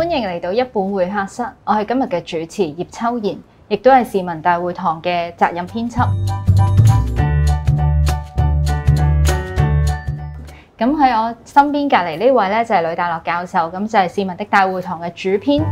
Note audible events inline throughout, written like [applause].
歡迎嚟到一本會客室，我係今日嘅主持葉秋弦，亦都係市民大會堂嘅責任編輯。咁喺 [music] 我身邊隔籬呢位呢，就係、是、呂大樂教授，咁就係市民的大會堂嘅主編。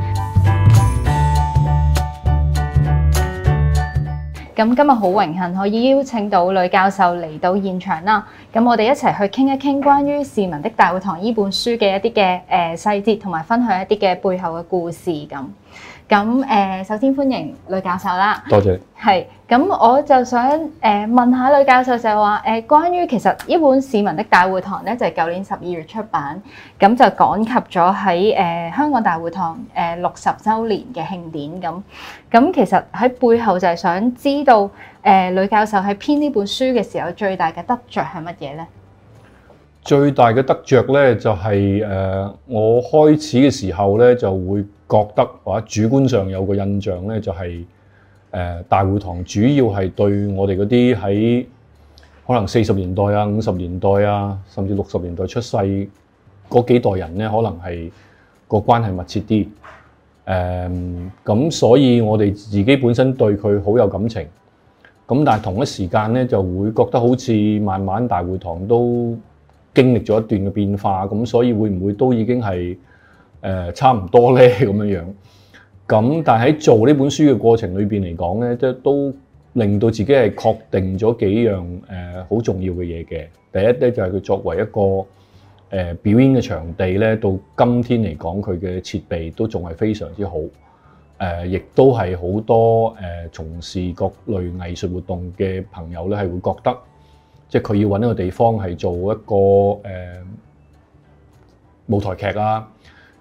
咁 [music] 今日好榮幸可以邀請到呂教授嚟到現場啦。咁我哋一齊去傾一傾關於《市民的大會堂》呢本書嘅一啲嘅誒細節，同埋分享一啲嘅背後嘅故事咁。咁誒，首先歡迎呂教授啦，多謝。係。咁我就想誒問下呂教授就係話誒，關於其實呢本《市民的大會堂》咧，就係舊年十二月出版，咁就趕及咗喺誒香港大會堂誒六十週年嘅慶典咁。咁其實喺背後就係想知道。呂、呃呃、教授喺編呢本書嘅時候最的是什麼呢？最大嘅得着係乜嘢咧？最大嘅得着咧，就係我開始嘅時候咧，就會覺得或者主觀上有個印象咧、就係、就、呃、係大會堂主要係對我哋嗰啲喺可能四十年代啊、五十年代啊，甚至六十年代出世嗰幾代人咧，可能係個關係密切啲。誒、呃、咁，所以我哋自己本身對佢好有感情。咁但係同一時間咧，就會覺得好似慢慢大會堂都經歷咗一段嘅變化，咁所以會唔會都已經係差唔多咧咁樣。咁但係喺做呢本書嘅過程裏面嚟講咧，即都令到自己係確定咗幾樣好重要嘅嘢嘅。第一咧就係佢作為一個表演嘅場地咧，到今天嚟講佢嘅設備都仲係非常之好。誒、呃，亦都係好多誒、呃，從事各類藝術活動嘅朋友咧，係會覺得，即係佢要搵一個地方係做一個誒、呃、舞台劇啊，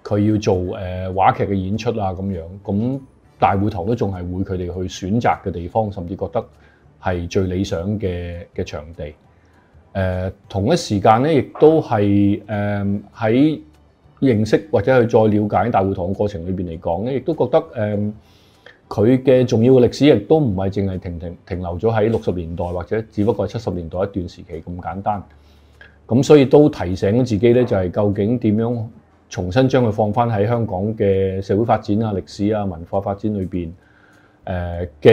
佢要做誒、呃、話劇嘅演出啊咁樣，咁大會堂都仲係會佢哋去選擇嘅地方，甚至覺得係最理想嘅嘅場地。誒、呃、同一時間咧，亦都係誒喺，呃認識或者去再了解大會堂嘅過程裏邊嚟講咧，亦都覺得誒，佢嘅重要嘅歷史亦都唔係淨係停停停留咗喺六十年代或者只不過係七十年代一段時期咁簡單。咁所以都提醒咗自己咧，就係究竟點樣重新將佢放翻喺香港嘅社會發展啊、歷史啊、文化發展裏邊誒，既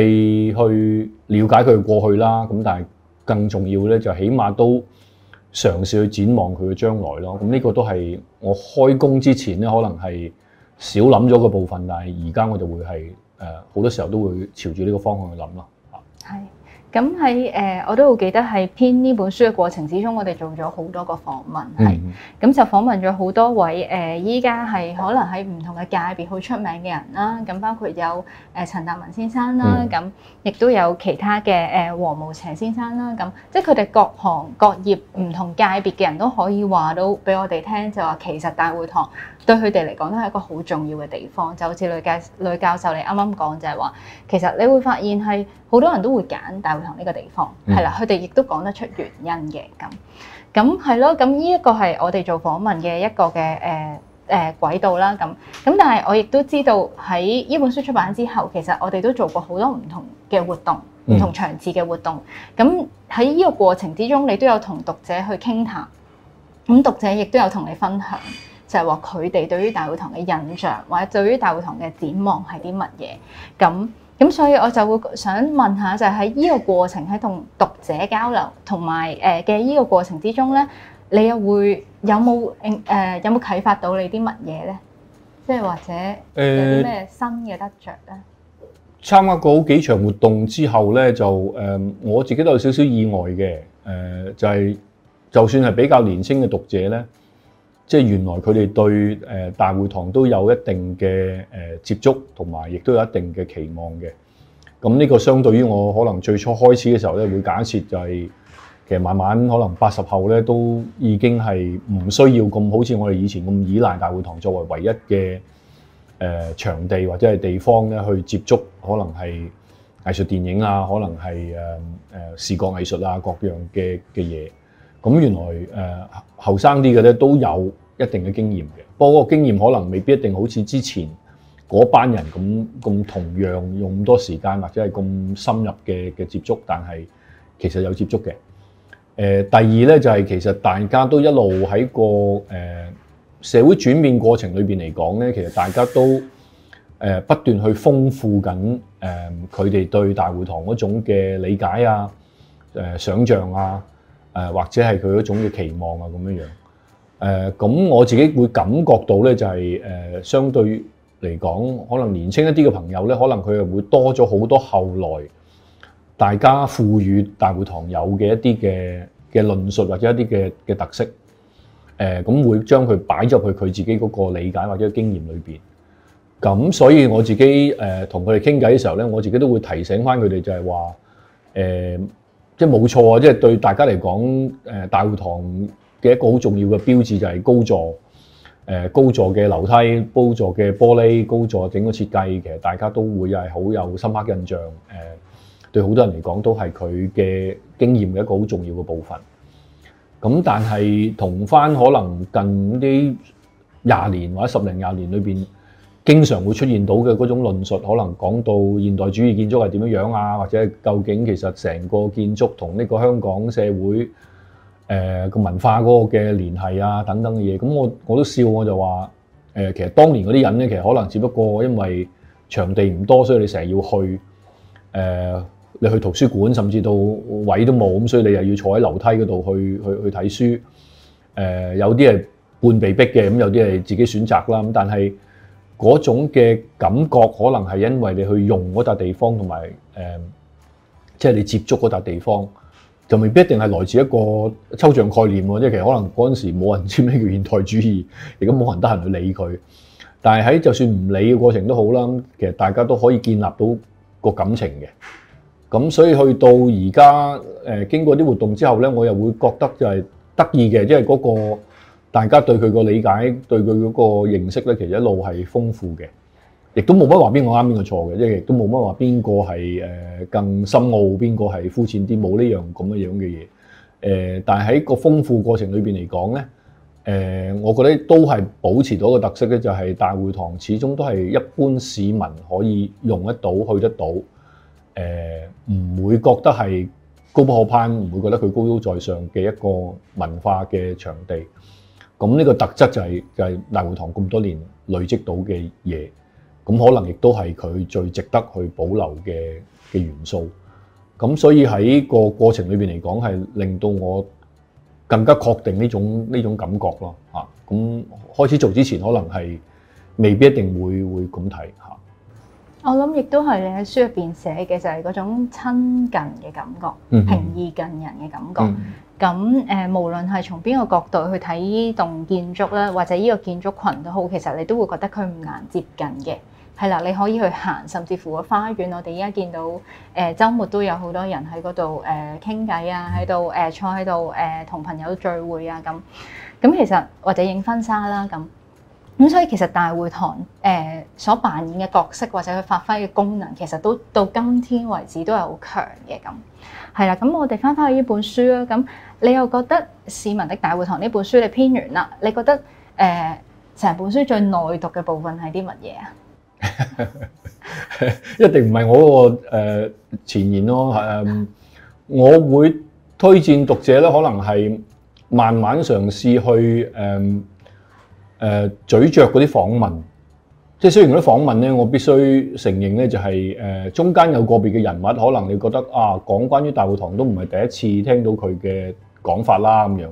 去了解佢嘅過去啦，咁但係更重要咧就起碼都嘗試去展望佢嘅將來咯，咁、這、呢個都係我開工之前咧，可能係少諗咗個部分，但係而家我就會係誒好多時候都會朝住呢個方向去諗咯，嚇。係。咁喺、呃、我都好記得係編呢本書嘅過程之中，我哋做咗好多個訪問，咁、嗯、就訪問咗好多位誒，依家係可能喺唔同嘅界別好出名嘅人啦。咁包括有誒陳達文先生啦，咁、嗯、亦都有其他嘅誒黃無邪先生啦。咁即係佢哋各行各業唔同界別嘅人都可以話到俾我哋聽，就話其實大會堂對佢哋嚟講都係一個好重要嘅地方。就好似呂教、呂教授你啱啱講就係話，其實你會發現係好多人都會揀大會堂。同、這、呢個地方係啦，佢哋亦都講得出原因嘅咁，咁係咯，咁呢、這個、一個係、呃呃、我哋做訪問嘅一個嘅誒誒軌道啦，咁咁但係我亦都知道喺呢本書出版之後，其實我哋都做過好多唔同嘅活動，唔、嗯、同場次嘅活動。咁喺呢個過程之中，你都有同讀者去傾談，咁讀者亦都有同你分享，就係話佢哋對於大會堂嘅印象，或者對於大會堂嘅展望係啲乜嘢咁。咁所以我就會想問下，就係喺依個過程喺同讀者交流同埋誒嘅依個過程之中咧，你又會有冇誒有冇啟發到你啲乜嘢咧？即係或者誒咩新嘅得著咧？參加過好幾場活動之後咧，就誒我自己都有少少意外嘅誒，就係就算係比較年輕嘅讀者咧。即係原來佢哋對誒大會堂都有一定嘅誒接觸，同埋亦都有一定嘅期望嘅。咁呢個相對於我可能最初開始嘅時候咧，會假設就係、是、其實慢慢可能八十後咧都已經係唔需要咁好似我哋以前咁依賴大會堂作為唯一嘅誒、呃、場地或者係地方咧去接觸可能係藝術電影啊，可能係誒誒視覺藝術啊各樣嘅嘅嘢。咁原來誒後生啲嘅咧都有一定嘅經驗嘅，不過個經驗可能未必一定好似之前嗰班人咁咁同樣用咁多時間或者係咁深入嘅嘅接觸，但係其實有接觸嘅、呃。第二咧就係、是、其實大家都一路喺個誒、呃、社會轉變過程裏面嚟講咧，其實大家都、呃、不斷去豐富緊誒佢哋對大會堂嗰種嘅理解啊、呃、想像啊、呃、或者係佢嗰種嘅期望啊咁樣樣。誒、呃、咁我自己會感覺到咧，就係、是呃、相對嚟講，可能年輕一啲嘅朋友咧，可能佢又會多咗好多後來大家賦予大會堂有嘅一啲嘅嘅論述或者一啲嘅嘅特色。誒、呃、咁會將佢擺入去佢自己嗰個理解或者經驗裏邊。咁所以我自己誒同佢哋傾偈嘅時候咧，我自己都會提醒返佢哋就係話誒即係冇錯啊！即、就、係、是、對大家嚟講、呃，大會堂。嘅一個好重要嘅標誌就係高座，誒、呃、高座嘅樓梯、高座嘅玻璃、高座整個設計，其實大家都會係好有深刻印象。誒、呃、對好多人嚟講都係，佢嘅經驗嘅一個好重要嘅部分。咁但係同翻可能近啲廿年或者十零廿年裏邊經常會出現到嘅嗰種論述，可能講到現代主義建築係點樣樣啊，或者究竟其實成個建築同呢個香港社會。誒、呃、文化嗰個嘅聯繫啊，等等嘅嘢，咁我我都笑我就話，誒、呃、其實當年嗰啲人咧，其實可能只不過因為場地唔多，所以你成日要去，誒、呃、你去圖書館，甚至到位都冇，咁所以你又要坐喺樓梯嗰度去去去睇書，誒、呃、有啲係半被逼嘅，咁有啲係自己選擇啦，咁但係嗰種嘅感覺，可能係因為你去用嗰笪地方，同埋誒即係你接觸嗰笪地方。就未必一定係來自一個抽象概念喎，即係其實可能嗰陣時冇人知咩叫現代主義，亦都冇人得閒去理佢。但係喺就算唔理嘅過程都好啦，其實大家都可以建立到個感情嘅。咁所以去到而家誒，經過啲活動之後咧，我又會覺得就係得意嘅，因為，嗰個大家對佢個理解對佢嗰個認識咧，其實一路係豐富嘅。亦都冇乜話邊個啱邊個錯嘅，即係亦都冇乜話邊個係更深奧，邊個係膚淺啲，冇呢樣咁嘅樣嘅嘢。但係喺個豐富過程裏邊嚟講咧，我覺得都係保持到一個特色咧，就係大會堂始終都係一般市民可以用得到、去得到，誒，唔會覺得係高不可攀，唔會覺得佢高高在上嘅一個文化嘅場地。咁呢個特質就係就係大會堂咁多年累積到嘅嘢。咁可能亦都係佢最值得去保留嘅嘅元素，咁所以喺個過程裏邊嚟講，係令到我更加確定呢種呢種感覺咯，吓，咁開始做之前，可能係未必一定會會咁睇吓。我諗亦都係你喺書入邊寫嘅，就係嗰種親近嘅感覺，平易近人嘅感覺。咁誒，無論係從邊個角度去睇呢棟建築咧，或者呢個建築群都好，其實你都會覺得佢唔難接近嘅。係啦，你可以去行，甚至乎個花園。我哋依家見到誒週、呃、末都有好多人喺嗰度誒傾偈啊，喺度誒坐喺度誒同朋友聚會啊，咁咁其實或者影婚紗啦咁咁。所以其實大會堂誒、呃、所扮演嘅角色或者佢發揮嘅功能，其實都到今天為止都係好強嘅。咁係啦，咁我哋翻返去呢本書啦。咁你又覺得《市民的大會堂》呢本書你編完啦，你覺得誒成、呃、本書最耐讀嘅部分係啲乜嘢啊？ [laughs] 一定唔係我個誒前言咯，誒我會推薦讀者咧，可能係慢慢嘗試去誒誒咀嚼嗰啲訪問，即係雖然嗰啲訪問咧，我必須承認咧，就係誒中間有個別嘅人物，可能你覺得啊，講關於大會堂都唔係第一次聽到佢嘅講法啦，咁樣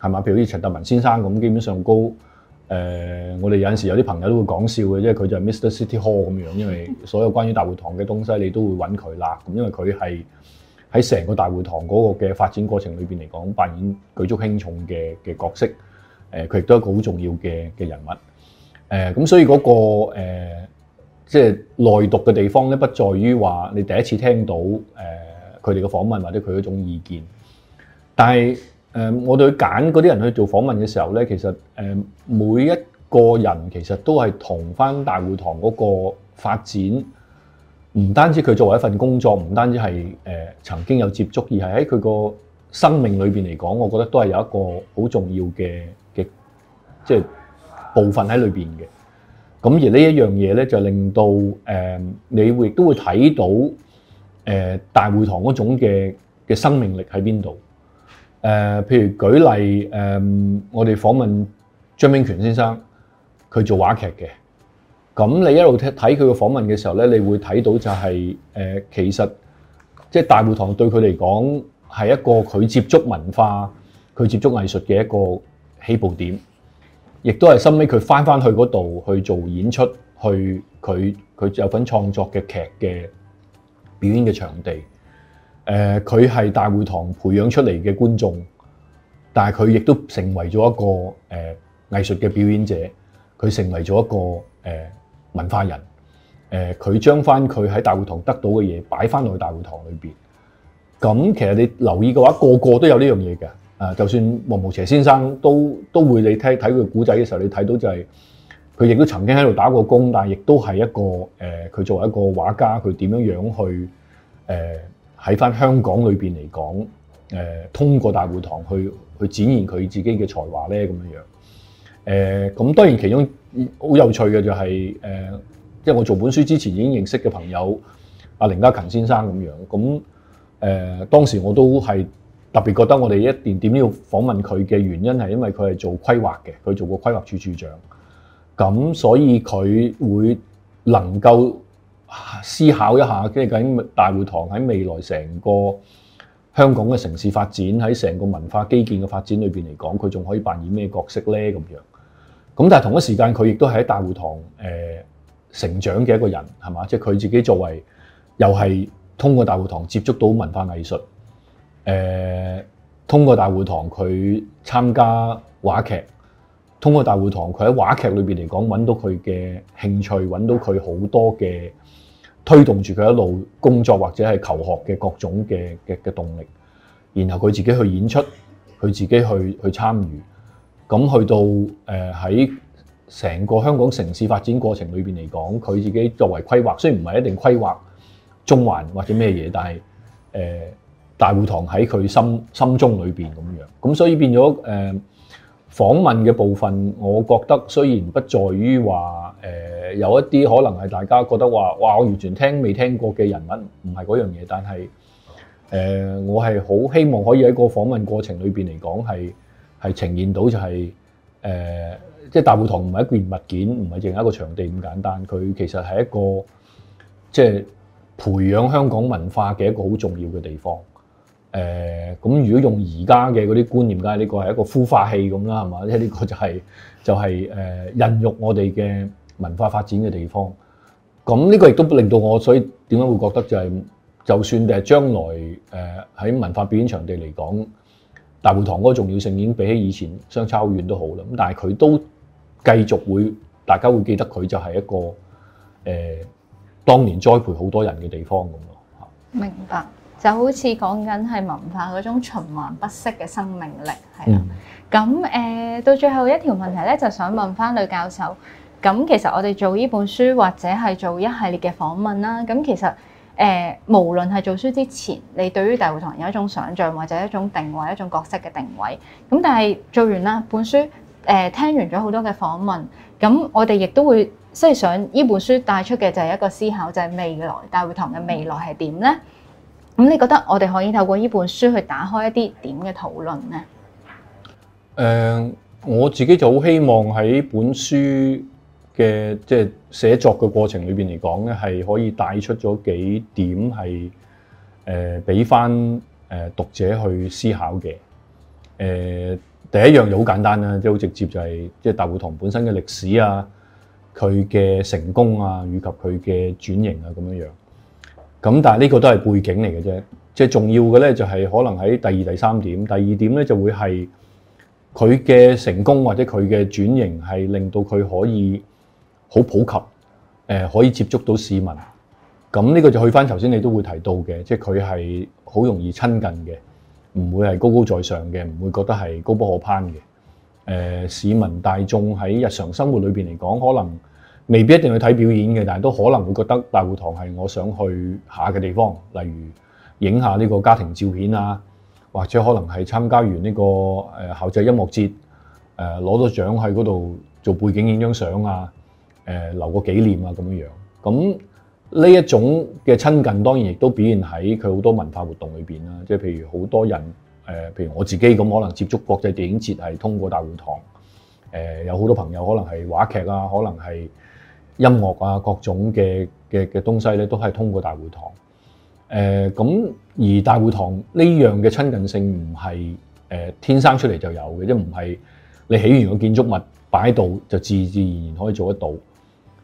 係嘛？譬如好似陳達文先生咁，基本上高。誒、呃，我哋有陣時有啲朋友都會講笑嘅，因為佢就係 Mr. City Hall 咁樣，因為所有關於大會堂嘅東西你都會揾佢啦。咁因為佢係喺成個大會堂嗰個嘅發展過程裏邊嚟講，扮演舉足輕重嘅嘅角色。誒、呃，佢亦都係一個好重要嘅嘅人物。誒、呃，咁所以嗰、那個即係、呃就是、內讀嘅地方咧，不在於話你第一次聽到誒佢哋嘅訪問或者佢嗰種意見，但係。誒，我對佢揀嗰啲人去做訪問嘅時候咧，其實誒，每一個人其實都係同翻大會堂嗰個發展，唔單止佢作為一份工作，唔單止係誒曾經有接觸，而係喺佢個生命裏面嚟講，我覺得都係有一個好重要嘅嘅即係部分喺裏面嘅。咁而呢一樣嘢咧，就令到誒、嗯，你亦都會睇到誒、呃、大會堂嗰種嘅嘅生命力喺邊度。誒、呃，譬如舉例，誒、呃，我哋訪問張炳權先生，佢做話劇嘅。咁你一路睇睇佢嘅訪問嘅時候咧，你會睇到就係、是，誒、呃，其實即係大會堂對佢嚟講係一個佢接觸文化、佢接觸藝術嘅一個起步點，亦都係後尾佢翻翻去嗰度去做演出，去佢佢有份創作嘅劇嘅表演嘅場地。誒、佢係大會堂培養出嚟嘅觀眾，但係佢亦都成為咗一個誒、呃、藝術嘅表演者，佢成為咗一個誒、呃、文化人。誒、佢將翻佢喺大會堂得到嘅嘢擺翻落去大會堂裏邊。咁其實你留意嘅話，個個都有呢樣嘢嘅。誒、呃，就算王無邪先生都都會你聽、睇佢古仔嘅時候，你睇到就係佢亦都曾經喺度打過工，但係亦都係一個誒，佢、呃、作為一個畫家，佢點樣樣去誒？呃喺返香港裏邊嚟講，誒、呃、通過大會堂去去展現佢自己嘅才華咧，咁樣樣。誒、呃、咁當然其中好有趣嘅就係、是、誒，即、呃、係、就是、我做本書之前已經認識嘅朋友阿凌、啊、嘉勤先生咁樣。咁誒、呃、當時我都係特別覺得我哋一連點，點要訪問佢嘅原因係因為佢係做規劃嘅，佢做過規劃處處長。咁所以佢會能夠思考一下，即係喺大會堂喺未來成個香港嘅城市發展，喺成個文化基建嘅發展裏邊嚟講，佢仲可以扮演咩角色呢？咁樣，咁但係同一時間，佢亦都係喺大會堂誒成長嘅一個人，係嘛？即係佢自己作為，又係通過大會堂接觸到文化藝術，誒、呃，通過大會堂佢參加話劇，通過大會堂佢喺話劇裏邊嚟講，揾到佢嘅興趣，揾到佢好多嘅。推動住佢一路工作或者係求學嘅各種嘅嘅嘅動力，然後佢自己去演出，佢自己去去參與，咁去到誒喺成個香港城市發展過程裏面嚟講，佢自己作為規劃，雖然唔係一定規劃中環或者咩嘢，但係誒、呃、大會堂喺佢心心中裏面咁樣，咁所以變咗誒。呃訪問嘅部分，我覺得雖然不在於話，誒、呃、有一啲可能係大家覺得話，哇！我完全聽未聽過嘅人物，唔係嗰樣嘢。但係，誒、呃、我係好希望可以喺個訪問過程裏邊嚟講，係係呈現到就係、是，誒即係大會堂唔係一件物件，唔係淨係一個場地咁簡單。佢其實係一個即係、就是、培養香港文化嘅一個好重要嘅地方。誒、呃、咁，如果用而家嘅嗰啲觀念，梗係呢個係一個孵化器咁啦，係嘛？即係呢個就係、係、就係誒孕育我哋嘅文化發展嘅地方。咁呢個亦都令到我所以點解會覺得就係、係，就算誒將來誒喺、呃、文化表演場地嚟講，大會堂嗰個重要性已經比起以前相差好遠都好啦。咁但係佢都繼續會大家會記得佢就係一個誒、呃、當年栽培好多人嘅地方咁咯。明白。就好似講緊係文化嗰種循環不息嘅生命力，係啦。咁、嗯、到最後一條問題咧，就想問翻呂教授。咁其實我哋做呢本書或者係做一系列嘅訪問啦。咁其實誒、呃、無論係做書之前，你對於大會堂有一種想像或者一種定位、一種角色嘅定位。咁但係做完啦本書，呃、聽完咗好多嘅訪問，咁我哋亦都會即係想呢本書帶出嘅就係一個思考，就係、是、未來大會堂嘅未來係點呢？嗯咁你覺得我哋可以透過呢本書去打開一啲點嘅討論咧？誒、呃，我自己就好希望喺本書嘅即係寫作嘅過程裏邊嚟講咧，係可以帶出咗幾點係誒俾翻誒讀者去思考嘅。誒、呃，第一樣嘢好簡單啦，即係好直接就係即係大會堂本身嘅歷史啊，佢嘅成功啊，以及佢嘅轉型啊，咁樣樣。咁但係呢個都係背景嚟嘅啫，即係重要嘅咧就係可能喺第二第三點。第二點咧就會係佢嘅成功或者佢嘅轉型係令到佢可以好普及，呃，可以接觸到市民。咁呢個就去翻頭先你都會提到嘅，即係佢係好容易親近嘅，唔會係高高在上嘅，唔會覺得係高不可攀嘅，呃，市民大眾喺日常生活裏面嚟講，可能。未必一定去睇表演嘅，但係都可能會覺得大會堂係我想去下嘅地方，例如影下呢個家庭照片啊，或者可能係參加完呢個誒校際音樂節，誒攞咗獎喺嗰度做背景影張相啊，誒留個紀念啊咁樣樣。咁呢一種嘅親近當然亦都表現喺佢好多文化活動裏邊啦，即係譬如好多人誒，譬如我自己咁可能接觸國際電影節係通過大會堂，誒有好多朋友可能係話劇啊，可能係。音樂啊，各種嘅嘅嘅東西咧，都係通過大會堂。誒、呃、咁而大會堂呢樣嘅親近性唔係誒天生出嚟就有嘅，即係唔係你起完個建築物擺喺度就自自然然可以做得到。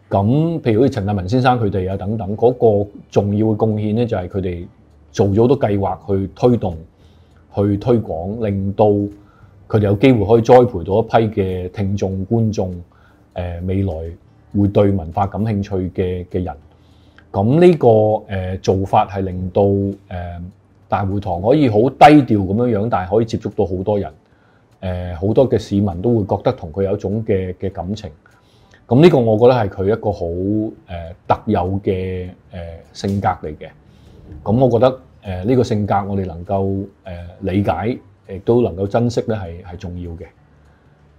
咁譬如好似陳達文先生佢哋啊等等嗰、那個重要嘅貢獻咧，就係佢哋做咗好多計劃去推動去推廣，令到佢哋有機會可以栽培到一批嘅聽眾觀眾誒未來。呃美會對文化感興趣嘅嘅人，咁呢個誒做法係令到誒大會堂可以好低調咁樣樣，但係可以接觸到好多人，誒好多嘅市民都會覺得同佢有一種嘅嘅感情，咁呢個我覺得係佢一個好誒特有嘅誒性格嚟嘅，咁我覺得誒呢個性格我哋能夠誒理解，亦都能夠珍惜咧，係係重要嘅。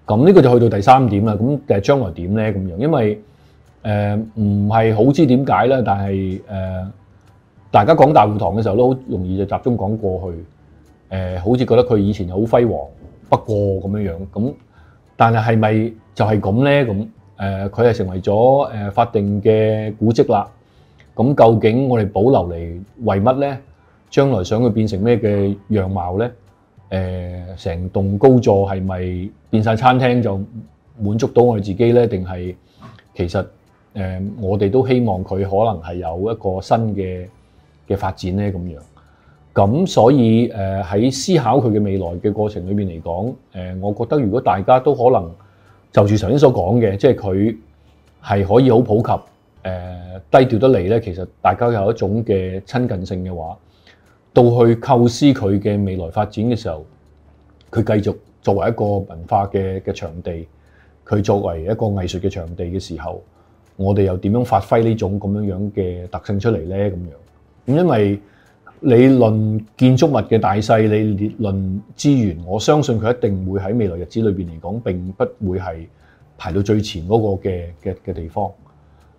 咁呢個就去到第三點啦。咁誒將來點咧？咁樣，因為誒唔係好知點解啦。但係誒、呃，大家講大會堂嘅時候都好容易就集中講過去。誒、呃，好似覺得佢以前又好輝煌，不過咁樣樣。咁但係係咪就係咁咧？咁、呃、誒，佢係成為咗誒法定嘅古蹟啦。咁究竟我哋保留嚟為乜咧？將來想佢變成咩嘅樣貌咧？誒、呃、成棟高座係咪變晒餐廳就滿足到我哋自己呢？定係其實誒、呃、我哋都希望佢可能係有一個新嘅嘅發展呢？咁樣。咁所以誒喺、呃、思考佢嘅未來嘅過程裏面嚟講，誒、呃、我覺得如果大家都可能就住頭先所講嘅，即係佢係可以好普及，誒、呃、低調得嚟呢，其實大家有一種嘅親近性嘅話。到去構思佢嘅未來發展嘅時候，佢繼續作為一個文化嘅嘅場地，佢作為一個藝術嘅場地嘅時候，我哋又點樣發揮呢種咁樣樣嘅特性出嚟呢？咁樣，咁因為你論建築物嘅大細，你列論資源，我相信佢一定會喺未來日子裏面嚟講，並不會係排到最前嗰個嘅嘅嘅地方。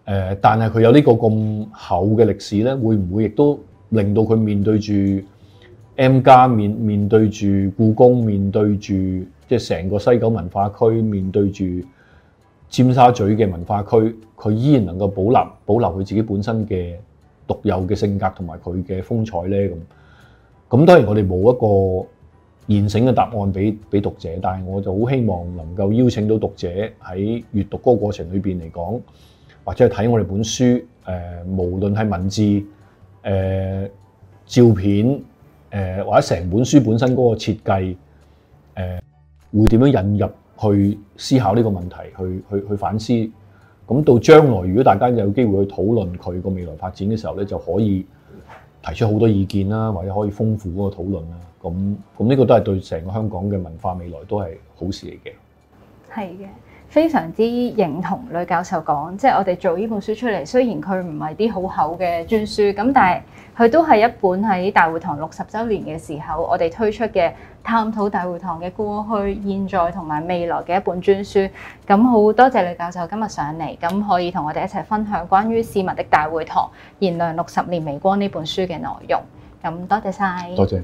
呃，但係佢有呢個咁厚嘅歷史呢，會唔會亦都？令到佢面對住 M+ 面面對住故宮，面對住即係成個西九文化區，面對住尖沙咀嘅文化區，佢依然能夠保留保留佢自己本身嘅獨有嘅性格同埋佢嘅風采咧，咁。咁當然我哋冇一個現成嘅答案俾俾讀者，但係我就好希望能夠邀請到讀者喺閱讀嗰個過程裏面嚟講，或者係睇我哋本書誒、呃，無論係文字。誒照片，呃、或者成本書本身嗰個設計，呃、會點樣引入去思考呢個問題，去去去反思。咁到將來如果大家有機會去討論佢個未來發展嘅時候咧，就可以提出好多意見啦，或者可以豐富嗰個討論啦。咁咁呢個都係對成個香港嘅文化的未來都係好事嚟嘅。係嘅。非常之認同呂教授講，即係我哋做呢本書出嚟，雖然佢唔係啲好厚嘅專書，咁但係佢都係一本喺大會堂六十週年嘅時候，我哋推出嘅探討大會堂嘅過去、現在同埋未來嘅一本專書。咁好多謝呂教授今日上嚟，咁可以同我哋一齊分享關於《市民的大會堂：延亮六十年微光》呢本書嘅內容。咁多謝曬，多謝。